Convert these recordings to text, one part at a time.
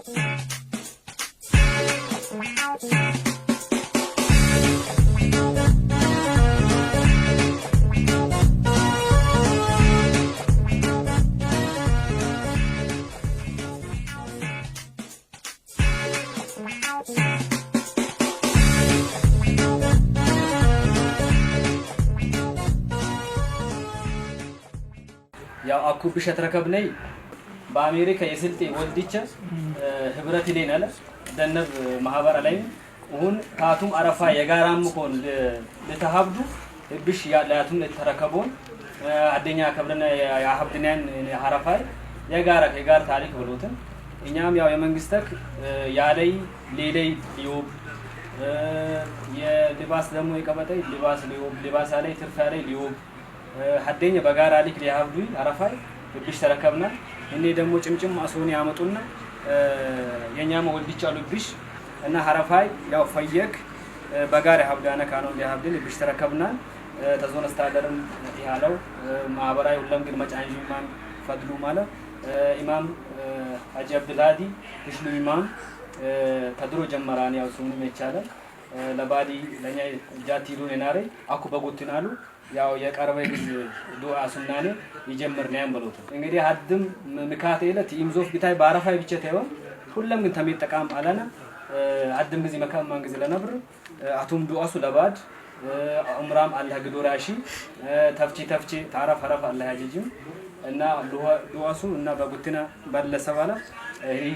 Ya akkubi şatrakab ney? በአሜሪካ የስልጤ ወልድቻ ህብረት ይሌን አለ ደነብ ማህበራ ላይ ሁን ታቱም አረፋ የጋራም ኮን ለተሀብዱ እብሽ ያላቱም ለተረከቦን አደኛ ከብረና የሀብድናን ሀረፋይ የጋራ የጋር ታሪክ ብሎትን እኛም ያው የመንግስተክ ያለይ ሌለይ ሊዮብ የልባስ ደግሞ የቀበጠይ ልባስ ሊዮብ ልባስ ላይ ትርፍ ላይ ሊዮብ ሀደኛ በጋራ ሊክ ሊያብዱ አረፋይ እብሽ ተረከብና እኔ ደግሞ ጭምጭም አሶን ያመጡና የኛ መወልድች አሉብሽ እና ሀረፋይ ያው ፈየክ በጋር ሀብዳነ ካኖ እንዲያሀብድል ብሽ ተረከብናል ተዞን አስተዳደርም ያለው ማህበራዊ ሁለም ግን መጫንጂ ኢማም ፈድሉ ማለት ኢማም ሀጂ አብድልሃዲ ክሽሉ ኢማም ተድሮ ጀመራን ያው ሱምንም ይቻላል ለባዲ ለእኛ ጃቲሉን የናሬ አኩ በጎትን አሉ ያው የቀረበ ጊዜ ዱዓ ስናነ ይጀምር ነው ያምበሉት እንግዲህ አድም ምካት ይለት ይምዞፍ ቢታይ ባረፋይ ብቻ ተይወን ሁለም ግን ተሜት ጠቃም አለና አድም ጊዜ መካም ማን ጊዜ ለነብር አቱም ዱዓሱ ለባድ ኡምራም አላህ ግዶራሺ ተፍቺ ተፍቺ ታረፍ አረፍ አላህ ያጅጅም እና ዱዓሱ እና በጉትና ባለሰባላ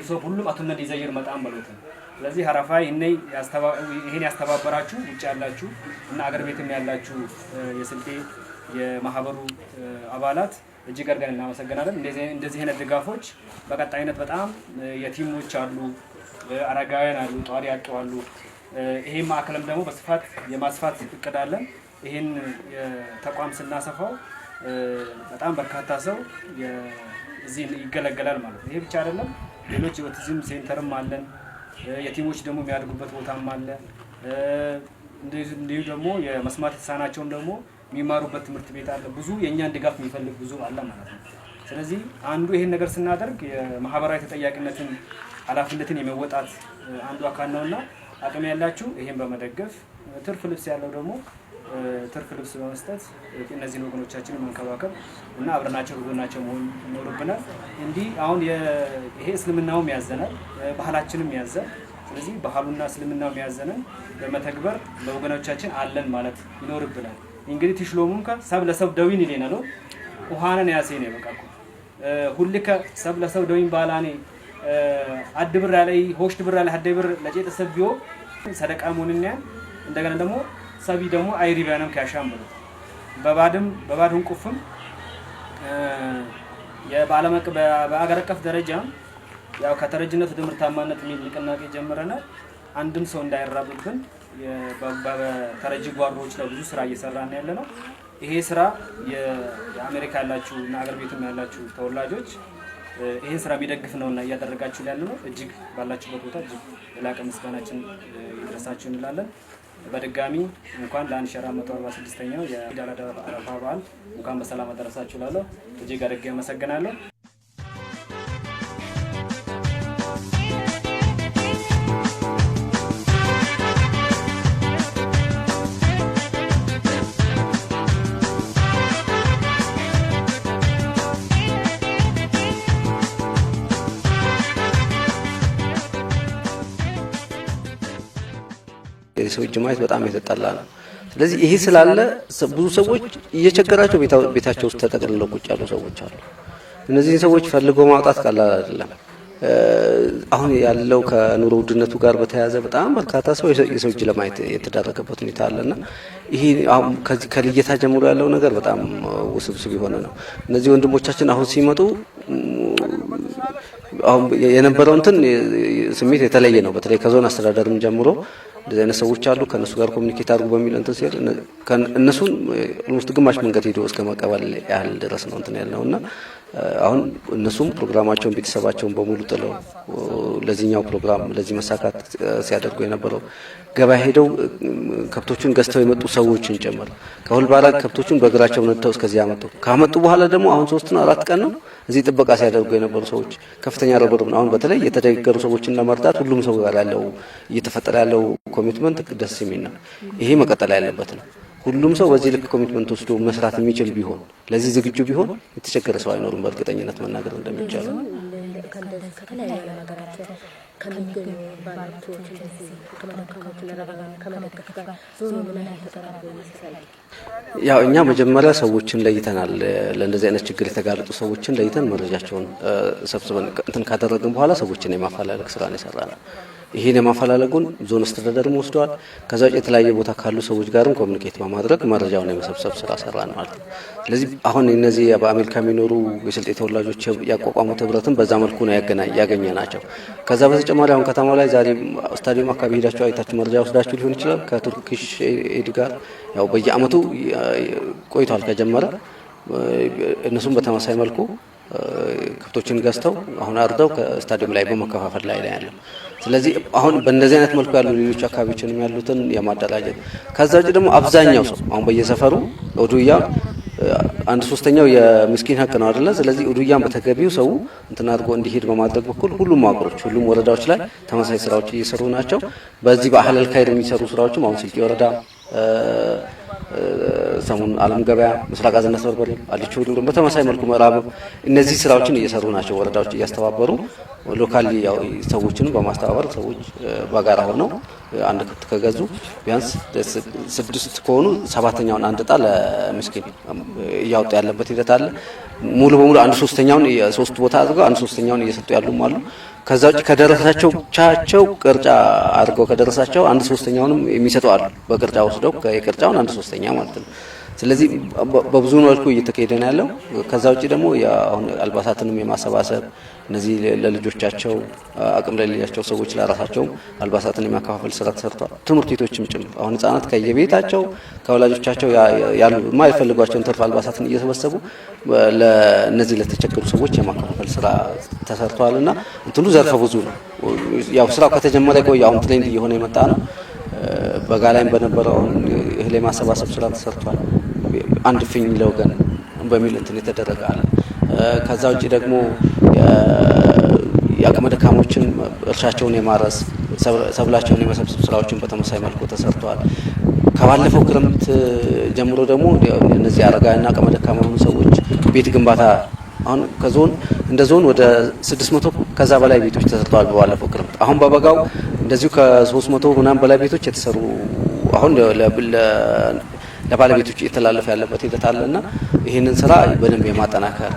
ሰው ሁሉም አቶ ነዲ ዘይር መጣም ማለት ነው። ስለዚህ ሀረፋ ይሄን ያስተባበራችሁ ውጭ ያላችሁ እና አገር ቤትም ያላችሁ የስልጤ የማህበሩ አባላት እጅግ አድርገን እናመሰግናለን። እንደዚህ አይነት ድጋፎች በቀጣይነት በጣም የቲሞች አሉ፣ አረጋውያን አሉ፣ ጧሪ ያጡ አሉ። ይሄን ማዕከልም ደግሞ በስፋት የማስፋት እቅድ አለን። ይህን ተቋም ስናሰፋው በጣም በርካታ ሰው እዚህ ይገለገላል ማለት ነው። ይሄ ብቻ አይደለም። ሌሎች የኦቲዝም ሴንተርም አለን። የቲሞች ደግሞ የሚያድጉበት ቦታም አለ። እንዲሁ ደግሞ የመስማት የተሳናቸውም ደግሞ የሚማሩበት ትምህርት ቤት አለ። ብዙ የእኛን ድጋፍ የሚፈልግ ብዙ አለ ማለት ነው። ስለዚህ አንዱ ይሄን ነገር ስናደርግ የማህበራዊ ተጠያቂነትን ኃላፊነትን የመወጣት አንዱ አካል ነውና አቅም ያላችሁ ይሄን በመደገፍ ትርፍ ልብስ ያለው ደግሞ ትርፍ ልብስ በመስጠት እነዚህን ወገኖቻችን መንከባከብ እና አብረናቸው ህብናቸው መሆን ይኖርብናል። እንዲህ አሁን ይሄ እስልምናውም ያዘናል፣ ባህላችንም ያዘን። ስለዚህ ባህሉና እስልምናውም ያዘንን በመተግበር ለወገኖቻችን አለን ማለት ይኖርብናል። እንግዲህ ትሽሎሙም ሰብ ለሰብ ደዊን ይሌና ነው ውሃነን ያሴ ነው በቃ ሁልከ ሰብ ለሰብ ደዊን ባላኔ አድብራ ላይ ሆሽት ብራ ላይ አደ ብር ሰብ ቢዮ ሰደቃ መሆንኛ እንደገና ደግሞ ሰቢ ደግሞ ከያሻም ብሎ በባድም በባድን ቁፍም የባለመቅ በአገር አቀፍ ደረጃ ያው ከተረጅነት ድምርታማነት የሚል ንቅናቄ ጀምረናል። አንድም ሰው እንዳይራብብን በተረጂ ጓሮዎች ላይ ብዙ ስራ እየሰራ ነው ያለ ነው። ይሄ ስራ የአሜሪካ ያላችሁ እና አገር ቤትም ያላችሁ ተወላጆች ይህን ስራ የሚደግፍ ነው እና እያደረጋችሁ ያለ ነው። እጅግ ባላችሁበት ቦታ እጅግ የላቀ ምስጋናችን ይድረሳችሁ እንላለን። በድጋሚ እንኳን ለአንድ ሺ ለ1446ኛው የኢድ አል አድሃ በዓል እንኳን በሰላም አደረሳችሁ እላለሁ። እጅግ አድርጌ አመሰግናለሁ። የሰው እጅ ማየት በጣም የተጠላ ነው። ስለዚህ ይሄ ስላለ ብዙ ሰዎች እየቸገራቸው ቤታቸው ውስጥ ተጠቅልለው ቁጭ ያሉ ሰዎች አሉ። እነዚህን ሰዎች ፈልጎ ማውጣት ቀላል አይደለም። አሁን ያለው ከኑሮ ውድነቱ ጋር በተያያዘ በጣም በርካታ ሰው የሰው እጅ ለማየት የተዳረገበት ሁኔታ አለና ይሄ ከልየታ ጀምሮ ያለው ነገር በጣም ውስብስብ የሆነ ነው። እነዚህ ወንድሞቻችን አሁን ሲመጡ አሁን የነበረው እንትን ስሜት የተለየ ነው። በተለይ ከዞን አስተዳደርም ጀምሮ እንደዚህ አይነት ሰዎች አሉ፣ ከእነሱ ጋር ኮሚኒኬት አድርጉ በሚል እንትን ሲሄድ እነሱን ኦልሞስት ግማሽ መንገድ ሄዶ እስከ መቀበል ያህል ድረስ ነው እንትን ያልነው እና አሁን እነሱም ፕሮግራማቸውን ቤተሰባቸውን በሙሉ ጥለው ለዚህኛው ፕሮግራም ለዚህ መሳካት ሲያደርጉ የነበረው ገበያ ሄደው ከብቶቹን ገዝተው የመጡ ሰዎችን ጨምር ከሁልባራ ከብቶቹን በእግራቸው ነድተው እስከዚህ አመጡ። ካመጡ በኋላ ደግሞ አሁን ነው አራት ቀን ነው እዚህ ጥበቃ ሲያደርጉ የነበሩ ሰዎች ከፍተኛ ረብርብ አሁን በተለይ የተደገሩ ሰዎችን ለመርዳት ሁሉም ሰው ጋር ያለው እየተፈጠረ ያለው ኮሚትመንት ደስ የሚል ነው። ይሄ መቀጠል ያለበት ነው። ሁሉም ሰው በዚህ ልክ ኮሚትመንት ወስዶ መስራት የሚችል ቢሆን ለዚህ ዝግጁ ቢሆን የተቸገረ ሰው አይኖርም። በእርግጠኝነት መናገር እንደሚቻል ያው እኛ መጀመሪያ ሰዎችን ለይተናል። ለእንደዚህ አይነት ችግር የተጋለጡ ሰዎችን ለይተን መረጃቸውን ሰብስበን እንትን ካደረግን በኋላ ሰዎችን የማፈላለግ የሰራ ነው ይሄን የማፈላለጉን ዞን አስተዳደርም ወስደዋል። ከዛ ውጭ የተለያየ ቦታ ካሉ ሰዎች ጋርም ኮሚኒኬት በማድረግ መረጃውን የመሰብሰብ ስራ ሰራ ነው ማለት ነው። ስለዚህ አሁን እነዚህ በአሜሪካ የሚኖሩ የስልጤ ተወላጆች ያቋቋሙት ህብረትን በዛ መልኩ ነው ያገኘ ናቸው። ከዛ በተጨማሪ አሁን ከተማው ላይ ዛሬ ስታዲየም አካባቢ ሄዳችሁ አይታችሁ መረጃ ወስዳችሁ ሊሆን ይችላል። ከቱርኪሽ ኤድ ጋር ያው በየአመቱ ቆይቷል ከጀመረ እነሱም በተመሳሳይ መልኩ ከብቶችን ገዝተው አሁን አርደው ከስታዲየም ላይ በመከፋፈል ላይ ያለው ስለዚህ አሁን በእንደዚህ አይነት መልኩ ያሉ ሌሎች አካባቢዎችንም ያሉትን የማደራጀት ከዛ ውጭ ደግሞ አብዛኛው ሰው አሁን በየሰፈሩ ኡዱያ አንድ ሶስተኛው የምስኪን ሀቅ ነው አይደለ? ስለዚህ ኡዱያን በተገቢው ሰው እንትን አድርጎ እንዲሄድ በማድረግ በኩል ሁሉም መዋቅሮች፣ ሁሉም ወረዳዎች ላይ ተመሳሳይ ስራዎች እየሰሩ ናቸው። በዚህ በአህለል ካሄድ የሚሰሩ ስራዎችም አሁን ስልጤ ወረዳ ሰሞኑን አለም ገበያ፣ ምስራቅ አዘነት በርበሬ፣ አልቹ ሁሉም በተመሳሳይ መልኩ ምዕራብ እነዚህ ስራዎችን እየሰሩ ናቸው። ወረዳዎች እያስተባበሩ ሎካሊ ያው በማስተባበር ሰዎች በጋራ ሆነው አንድ ከብት ከገዙ ቢያንስ ስድስት ከሆኑ ሰባተኛውን አንድ ዕጣ ለምስኪን እያወጣ ያለበት ሂደት አለ። ሙሉ በሙሉ አንድ ሶስተኛውን የሶስት ቦታ አድርገው አንድ ሶስተኛውን እየሰጡ ያሉም አሉ። ከዛ ውጭ ከደረሳቸው ቻቸው ቅርጫ አድርገው ከደረሳቸው አንድ ሶስተኛውንም የሚሰጡ አሉ። በቅርጫ ወስደው የቅርጫውን አንድ ሶስተኛ ማለት ነው። ስለዚህ በብዙ መልኩ እየተካሄደ ነው ያለው። ከዛ ውጭ ደግሞ አሁን አልባሳትንም የማሰባሰብ እነዚህ ለልጆቻቸው አቅም ለሌላቸው ሰዎች ለራሳቸውም አልባሳትን የማከፋፈል ስራ ተሰርቷል። ትምህርት ቤቶችም ጭምር አሁን ህጻናት ከየቤታቸው ከወላጆቻቸው ያሉ የማይፈልጓቸውን ትርፍ አልባሳትን እየሰበሰቡ ለነዚህ ለተቸገሩ ሰዎች የማከፋፈል ስራ ተሰርቷል እና እንትኑ ዘርፈ ብዙ ነው። ያው ስራው ከተጀመረ ቆየ። አሁን ትሬንድ እየሆነ የመጣ ነው። በጋ ላይም በነበረው እህል የማሰባሰብ ስራ ተሰርቷል። አንድ ፊኝ ለወገን በሚል እንትን የተደረገ አለ። ከዛ ውጭ ደግሞ የአቅመ ደካሞችን እርሻቸውን የማረስ ሰብላቸውን የመሰብሰብ ስራዎችን በተመሳይ መልኩ ተሰርተዋል። ከባለፈው ክረምት ጀምሮ ደግሞ እነዚህ አረጋና አቅመ ደካማ የሆኑ ሰዎች ቤት ግንባታ አሁን ከዞን እንደ ዞን ወደ 600 ከዛ በላይ ቤቶች ተሰርተዋል በባለፈው ክረምት። አሁን በበጋው እንደዚሁ ከ300 ምናምን በላይ ቤቶች የተሰሩ አሁን ለባለቤቶች እየተላለፈ ያለበት ሂደት አለ እና ይህንን ስራ በደንብ የማጠናከር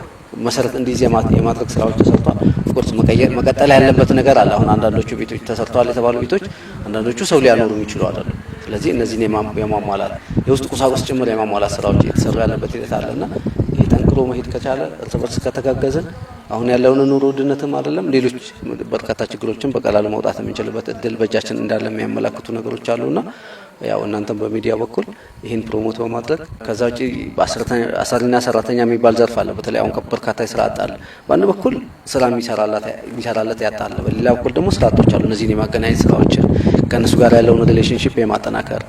መሰረት እንዲይዝ የማድረግ ስራዎች ተሰርቷል። ኦፍኮርስ መቀየር መቀጠል ያለበት ነገር አለ። አሁን አንዳንዶቹ ቤቶች ተሰርተዋል የተባሉ ቤቶች አንዳንዶቹ ሰው ሊያኖሩ የሚችሉ አይደሉም። ስለዚህ እነዚህን የማሟላት የውስጥ ቁሳቁስ ጭምር የማሟላት ስራዎች እየተሰሩ ያለበት ሂደት አለ እና ይህ ጠንክሮ መሄድ ከቻለ እርስ በርስ ከተጋገዝን አሁን ያለውን ኑሮ ውድነትም አይደለም ሌሎች በርካታ ችግሮችን በቀላሉ መውጣት የምንችልበት እድል በእጃችን እንዳለ የሚያመላክቱ ነገሮች አሉና ያው እናንተም በሚዲያ በኩል ይህን ፕሮሞት በማድረግ ከዛ ውጭ አሰሪና ሰራተኛ የሚባል ዘርፍ አለ። በተለይ አሁን በርካታ ስራ አጣለ። በአንድ በኩል ስራ የሚሰራለት ያጣለ በሌላ በኩል ደግሞ ስራ አጦች አሉ። እነዚህን የማገናኘት ስራዎችን ከእነሱ ጋር ያለውን ሪሌሽንሽፕ የማጠናከር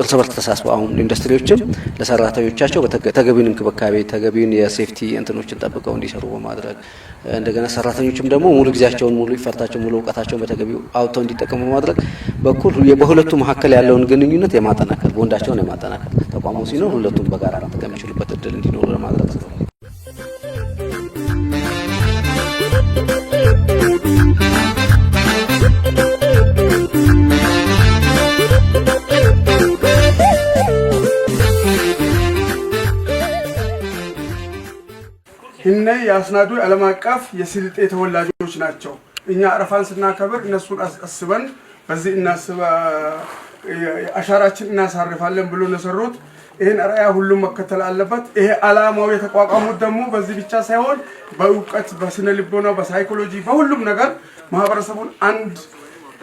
እርስ በርስ ተሳስበ አሁን ኢንዱስትሪዎችም ለሰራተኞቻቸው ተገቢውን እንክብካቤ ተገቢውን የሴፍቲ እንትኖችን ጠብቀው እንዲሰሩ በማድረግ እንደገና ሰራተኞችም ደግሞ ሙሉ ጊዜያቸውን ሙሉ ይፈርታቸው ሙሉ እውቀታቸውን በተገቢው አውጥተው እንዲጠቀሙ በማድረግ በኩል በሁለቱ መካከል ያለውን ግንኙነት የማጠናከር ቦንዳቸውን የማጠናከር ተቋሙ ሲኖር ሁለቱም በጋራ መጠቀም የሚችሉበት እድል እንዲኖሩ ለማድረግ ነው። የአስናዱ ዓለም አቀፍ የስልጤ ተወላጆች ናቸው። እኛ አረፋን ስናከብር እነሱን አስበን በዚህ አሻራችን እናሳርፋለን ብሎ የሰሩት ይህን ራያ ሁሉም መከተል አለበት። ይሄ አላማው የተቋቋሙት ደግሞ በዚህ ብቻ ሳይሆን በእውቀት በስነ ልቦና፣ በሳይኮሎጂ፣ በሁሉም ነገር ማህበረሰቡን አንድ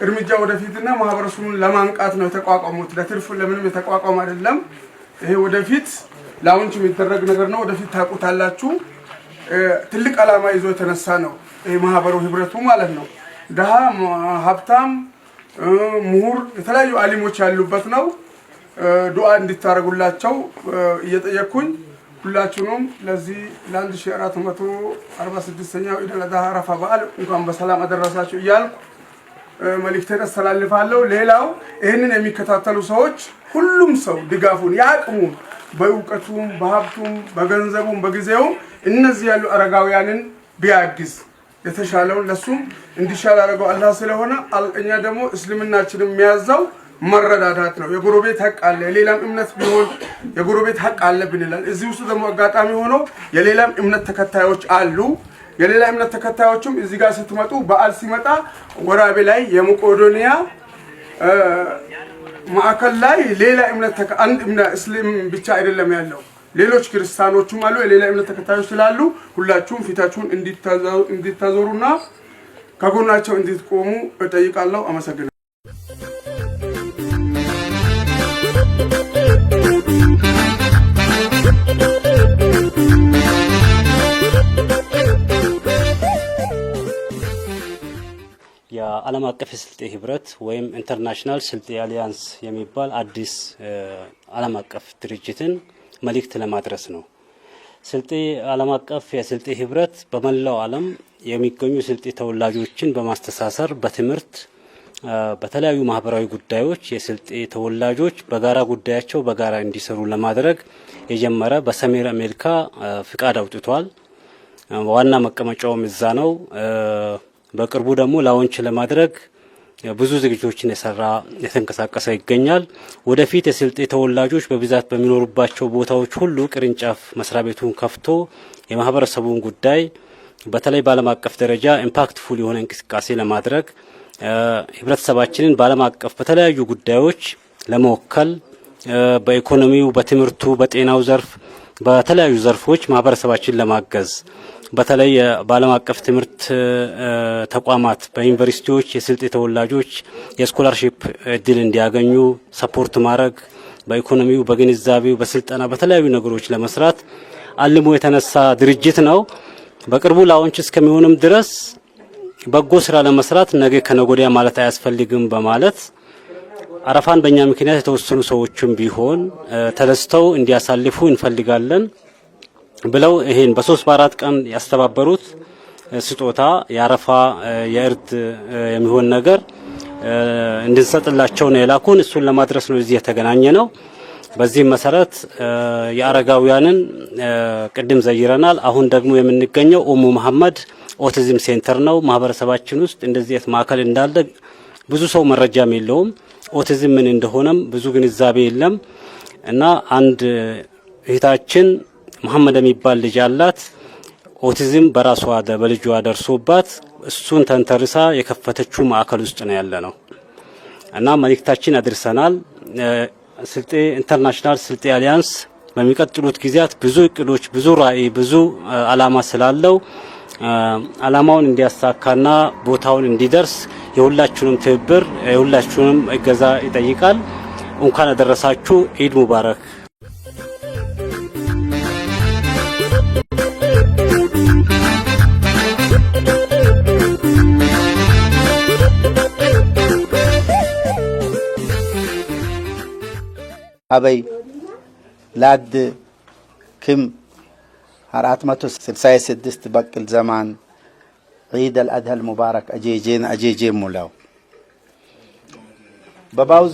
እርምጃ ወደፊትና ማህበረሰቡን ለማንቃት ነው የተቋቋሙት። ለትርፍ ለምንም የተቋቋም አይደለም። ይሄ ወደፊት ላውንች የሚደረግ ነገር ነው። ወደፊት ታውቁታላችሁ። ትልቅ ዓላማ ይዞ የተነሳ ነው የማህበሩ ህብረቱ ማለት ነው። ድሃ፣ ሀብታም፣ ምሁር የተለያዩ አሊሞች ያሉበት ነው። ዱዓ እንዲታደርጉላቸው እየጠየኩኝ ሁላችሁንም ለዚህ ለ1446ኛው ኢድ አል አረፋ በዓል እንኳን በሰላም አደረሳችሁ እያልኩ መልእክቴን አስተላልፋለሁ። ሌላው ይህንን የሚከታተሉ ሰዎች ሁሉም ሰው ድጋፉን ያቅሙን በእውቀቱም በሀብቱም በገንዘቡም በጊዜውም እነዚህ ያሉ አረጋውያንን ቢያግዝ የተሻለውን ለሱም እንዲሻል አረገው አላህ ስለሆነ እኛ ደግሞ እስልምናችን የሚያዘው መረዳዳት ነው። የጎረቤት ሀቅ አለ። የሌላም እምነት ቢሆን የጎረቤት ሀቅ አለብን ይላል። እዚህ ውስጥ ደግሞ አጋጣሚ ሆኖ የሌላም እምነት ተከታዮች አሉ። የሌላ እምነት ተከታዮችም እዚህ ጋር ስትመጡ በዓል ሲመጣ ወራቤ ላይ የመቄዶንያ ማዕከል ላይ ሌላ እምነት አንድ እስልም ብቻ አይደለም ያለው ሌሎች ክርስቲያኖችም አሉ፣ የሌላ እምነት ተከታዮች ስላሉ ሁላችሁም ፊታችሁን እንዲታዞሩና ከጎናቸው እንድትቆሙ እጠይቃለሁ። አመሰግናለሁ። ዓለም አቀፍ የስልጤ ህብረት ወይም ኢንተርናሽናል ስልጤ አሊያንስ የሚባል አዲስ ዓለም አቀፍ ድርጅትን መልእክት ለማድረስ ነው። ስልጤ ዓለም አቀፍ የስልጤ ህብረት በመላው ዓለም የሚገኙ ስልጤ ተወላጆችን በማስተሳሰር በትምህርት በተለያዩ ማህበራዊ ጉዳዮች የስልጤ ተወላጆች በጋራ ጉዳያቸው በጋራ እንዲሰሩ ለማድረግ የጀመረ በሰሜን አሜሪካ ፍቃድ አውጥቷል። ዋና መቀመጫውም እዛ ነው። በቅርቡ ደግሞ ላውንች ለማድረግ ብዙ ዝግጅቶችን የሰራ የተንቀሳቀሰ ይገኛል። ወደፊት የስልጤ ተወላጆች በብዛት በሚኖሩባቸው ቦታዎች ሁሉ ቅርንጫፍ መስሪያ ቤቱን ከፍቶ የማህበረሰቡን ጉዳይ በተለይ በዓለም አቀፍ ደረጃ ኢምፓክትፉል የሆነ እንቅስቃሴ ለማድረግ ህብረተሰባችንን በዓለም አቀፍ በተለያዩ ጉዳዮች ለመወከል በኢኮኖሚው፣ በትምህርቱ፣ በጤናው ዘርፍ በተለያዩ ዘርፎች ማህበረሰባችን ለማገዝ በተለይ በዓለም አቀፍ ትምህርት ተቋማት በዩኒቨርሲቲዎች የስልጤ ተወላጆች የስኮላርሽፕ እድል እንዲያገኙ ሰፖርት ማድረግ በኢኮኖሚው፣ በግንዛቤው፣ በስልጠና በተለያዩ ነገሮች ለመስራት አልሞ የተነሳ ድርጅት ነው። በቅርቡ ላውንች እስከሚሆንም ድረስ በጎ ስራ ለመስራት ነገ ከነጎዲያ ማለት አያስፈልግም በማለት አረፋን በእኛ ምክንያት የተወሰኑ ሰዎችም ቢሆን ተደስተው እንዲያሳልፉ እንፈልጋለን ብለው ይሄን በሶስት በአራት ቀን ያስተባበሩት ስጦታ የአረፋ የእርድ የሚሆን ነገር እንድንሰጥላቸው ነው የላኩን። እሱን ለማድረስ ነው እዚህ የተገናኘ ነው። በዚህም መሰረት የአረጋውያንን ቅድም ዘይረናል። አሁን ደግሞ የምንገኘው ኡሙ መሐመድ ኦቲዝም ሴንተር ነው። ማህበረሰባችን ውስጥ እንደዚህ ማዕከል እንዳለ ብዙ ሰው መረጃም የለውም። ኦቲዝም ምን እንደሆነም ብዙ ግንዛቤ የለም እና አንድ እህታችን መሐመድ የሚባል ልጅ አላት። ኦቲዝም በራሷ በልጇ ደርሶባት እሱን ተንተርሳ የከፈተችው ማዕከል ውስጥ ነው ያለ ነው እና መልእክታችን አድርሰናል። ስልጤ ኢንተርናሽናል ስልጤ አሊያንስ በሚቀጥሉት ጊዜያት ብዙ እቅዶች፣ ብዙ ራዕይ፣ ብዙ አላማ ስላለው አላማውን እንዲያሳካና ቦታውን እንዲደርስ የሁላችሁንም ትብብር የሁላችሁንም እገዛ ይጠይቃል። እንኳን አደረሳችሁ። ኢድ ሙባረክ። አበይ ላድ ክም 466 በቅል ዘማን ዒድ አልአድሃል ሙባረክ አጄጄን አጄጄ ሙላው በባው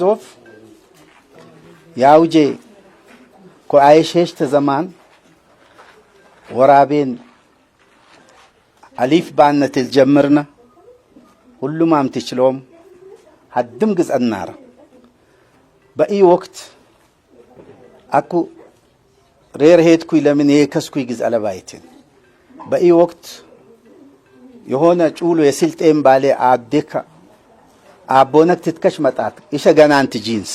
ያውጄ ኮአይሼሽተ ዘማን ወራቤን አሊፍ ባነትል ጀምርነ ሁሉም አምትችሎም ሀድም ግጸናረ በኢ ወቅት አኩ ሬር ሄድኩኝ ለምን የከስኩኝ ግዝ አለባይትን በኢ ወቅት የሆነ ጩሎ የስልጤን ባሌ አብዴካ አቦነክ ትትከሽ መጣት እሸ ገናንት ጂንስ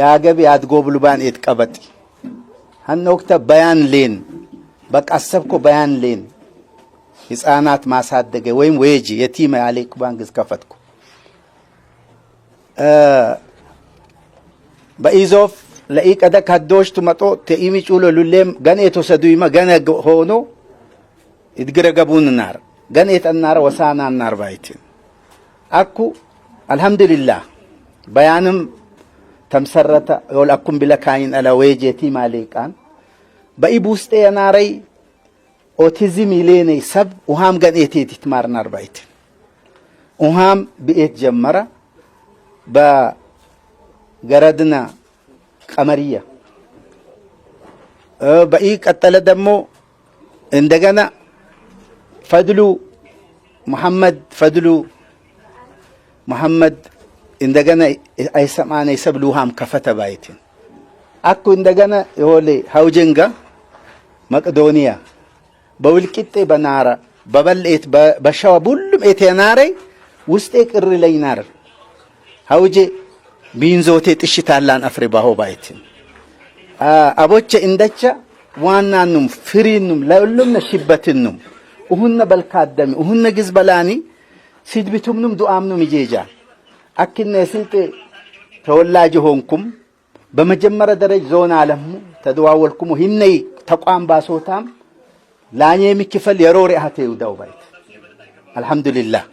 ያገብ ያድጎብሉባን ኤትቀበጥ ሀነ ወቅተ በያን ሌን በቃ በያን ሌን ህፃናት ማሳደገ ወይም ወጂ የቲመ ያሌ ቁባን ግዝ ከፈትኩ በኢዞፍ ለኢቀደ ከዶሽቱ መጦ ተኢሚ ጩሎ ሉሌም ገኔቶ ሰዱይመ ገነ ሆኖ እድግረ ገቡን ናር ገኔት አናረ ወሳና ናር ባይትን አኩ አልሐምዱሊላህ በያንም ተምሰረተ ዮል አኩም ቢለካይን አለ ወጄቲ ማሌቃን በኢብ ውስጥ የናረይ ኦቲዝም ይሌነይ ሰብ ውሃም ገኔቴት ይትማር ናር ውሃም ብኤት ጀመረ በገረድና ቀመርያ በኢ ቀጠለ ደግሞ እንደገና ፈድሉ መሐመድ ፈድሉ መሐመድ እንደገና አይሰማነ ይሰብሉ ሃም ከፈተ ባይትን አኩ እንደገና የሆሌ ሀውጀንጋ መቅዶኒያ በውልቂጤ በናራ በበልኤት በሸዋ ሁሉም ኤቴናሬ ውስጤ ቅሪ ናር ሀውጄ ቢንዞቴ ጥሽታላን አፍሬ ባሆ አቦቸ አቦቼ ዋናኑም ፍሪኑም ለሁሉም ሽበትኑም እሁነ በልካደሚ እሁነ ግዝበላኒ ሲድቢቱምኑም ዱአምኑም ይጄጃ አክነ የስልጤ ተወላጅ ሆንኩም በመጀመሪያ ደረጃ ዞን አለሙ ተደዋወልኩም ሂነይ ተቋም ባሶታም ላኔ የሚክፈል የሮሪ አቴ ውዳው ባይት አልሐምዱሊላህ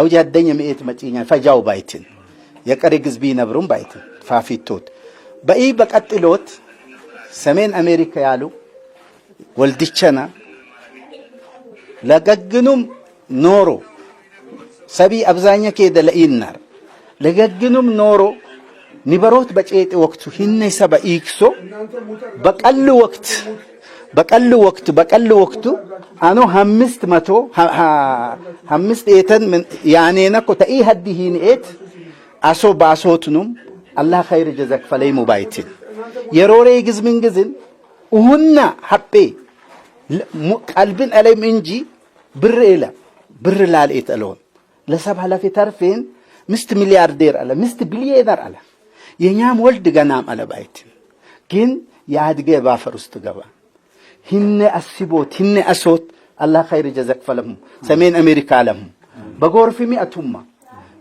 አውጃ ደኛ የምኤት መጪኛ ፈጃው ባይትን የቀሪ ግዝቢ ይነብሩም ባይት ፋፊቶት በኢ በቀጥሎት ሰሜን አሜሪካ ያሉ ወልድቸና ለገግኑም ኖሮ ሰቢ አብዛኛ ከሄደ ለኢናር ለገግኑም ኖሮ ኒበሮት በጨጤ ወቅቱ ሂነ ሰባ ኢክሶ በቀል ወቅት በቀል ወቅቱ በቀል ወቅቱ አኖ ሀምስት መቶ ሀምስት ኤተን ያኔ ነኮ ተኢ ሀዲ ሂን ኤት asoo baasootunum allah khayri jazak faleemu baayitin yerooree gizmin gizin uhunna haphee qalbin alayim inji birri ila birri laal'eet aloon ለሰብ ኃላፊ ተርፌን ምስት ሚሊያርዴር አለ ምስት ቢሊየነር አለ የኛም ወልድ ገናም አለ ባይትን ግን የአድገ ባፈር ውስጥ ገባ ህነ አስቦት ህነ አሶት አላህ ኸይር ጀዘክ ፈለሙ ሰሜን አሜሪካ ለሙ በጎርፊሚ አቱማ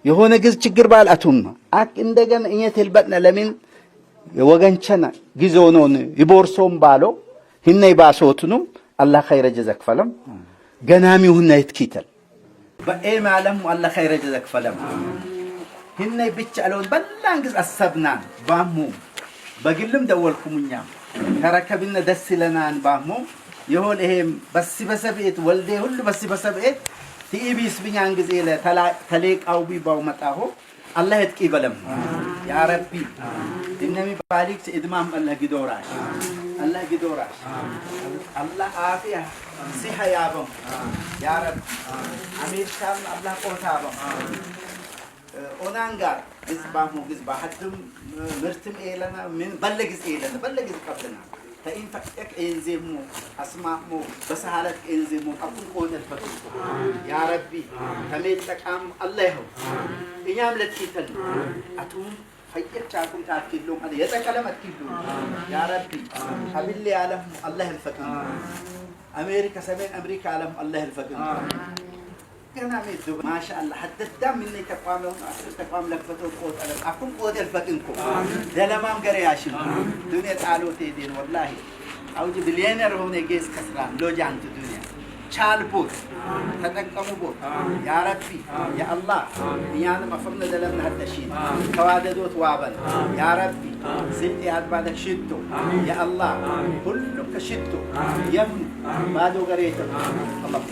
የሆነ ግዝ ችግር ባልአቱም አክ እንደገና እኛ ተልበጥነ ለምን የወገንቸና ጊዞኖን ይቦርሶም ባሎ ህነ ይባሶትኑ አላህ ኸይረ ጀዘክ ፈለም ገናም ይሁን አይትኪተል በኤ ማለም አላህ ኸይረ ጀዘክ ፈለም ህነ ብቻ በላን ግዝ አሰብና ባሙ በግልም ደወልኩምኛ ተረከብነ ደስ ለናን ባሙ የሆነ ይሄም በሲ በሰብኤት ወልዴ ሁሉ በሲ በሰብኤት ቲኢቢስ ብኛን ጊዜ ተሌቃው ቢባው መጣሆ አላ የጥቂ በለም ያ ረቢ እነሚ ባሊክ እድማም አለ ግዶራሽ አላህ ግዶራሽ አላ አፊያ ሲሐ ያበም ያ ረቢ አሜሪካም አላህ ቆታበም ኦናን ጋር ግዝባሙ ግዝባ ሀድም ምርትም ኤለና ምን በለግዝ ኤለና በለግዝ ቀብልና ተኢንፈቅቅ ኤንዜሞ አስማሞ በሳሃለት ኤንዜሞ አቡን ከሆነበት ያ ረቢ ተሜ አላ ይኸው እኛም ለትኪተል አቱም ፈየር ቻኩም ታኪሎም አለ የጠቀለመት ኪሉ ያ ረቢ ሀቢል ያለም አላህ ልፈቅም አሜሪካ ሰሜን አሜሪካ አለም አላህ ልፈቅም ገና ሜዱ ማሻአላ ሐደዳ ምን ተቋም ተቋም ለፈተው ቆጠለ አኩም ቆደል ፈትንኩ ደለማም ገረ ያሽም ዱንያ ጣሎት ሄዴን ወላሂ አውጅ ቢሊየነር ሆነ ጌስ ከስራ ሎጃንት ዱንያ ቻልቦት ተጠቀሙቦት ያ ረቢ ያ አላህ እኛንም አፈርነ ደለምነ ተዋደዶት ዋበን ያ ረቢ ስጥ ያልባለክ ሽቶ ያ ሁሉም ከሽቶ የምኑ ባዶ ገሬቶ አላ